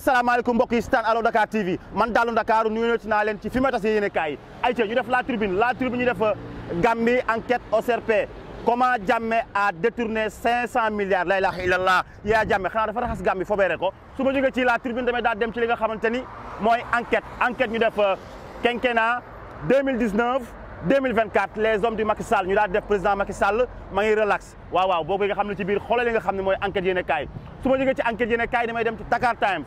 asalaamaaleykum alaikum yi allo Dakar TV man Dallou Dakar nous naa leen ci fi ma tase yéene kaay ay ñu def la tribune la tribune ñu def euh, Gambie enquête CRP comment Jammeh a détourné 500 milliards la ilaha illallah yaa Jammeh xanaa dafa raxas Gambi, fobeere ko su ma jógee ci la tribune de daal dem ci li nga xamante ni enquête enquête ñu def Kenkena 2019 2024 les hommes du Macky Sall ñu daal def président Macky Sall ma ngi relax waaw waaw boobu nga xam ne ci biir xoolal li nga xam ne enquête yéene kaay su ma jógee ci enquête yéene kaay damay dem ci Dakar Times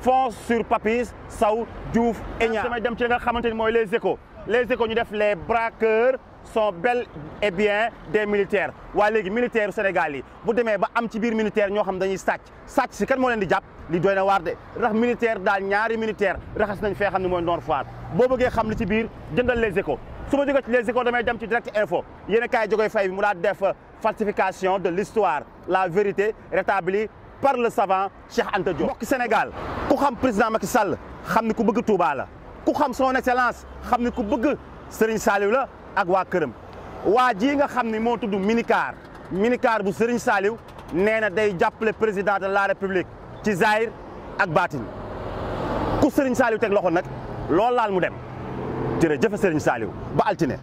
fonce sur Papis Saou, Diouf Enya. Je vais vous les échos les échos les braqueurs sont bel et bien des militaires Ouais les militaire sénégalais. militaire xam dañuy Les si kan Vous les di petit li militaires militaires. de militaire un militaire les échos vous les échos vous avez direct info y a falsification de l'histoire la vérité rétablie par le savant Cheikh Anta Diop. mbokk Sénégal ku xam président Macky Sall xam ni ku bëgg Touba la ku xam son excellence xam ni ku bëgg Serigne Saliou la ak waa këram waa jii nga xam ni moo tudd minicar minicar bu Serigne Saliou nee na day jàppale président de la république ci Zahir ak baatin ku Serigne saliw teg loxo nag loolu laal mu dem jërëjëf Serigne Saliou ba altine